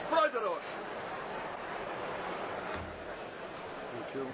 Spreuderos. Thank you.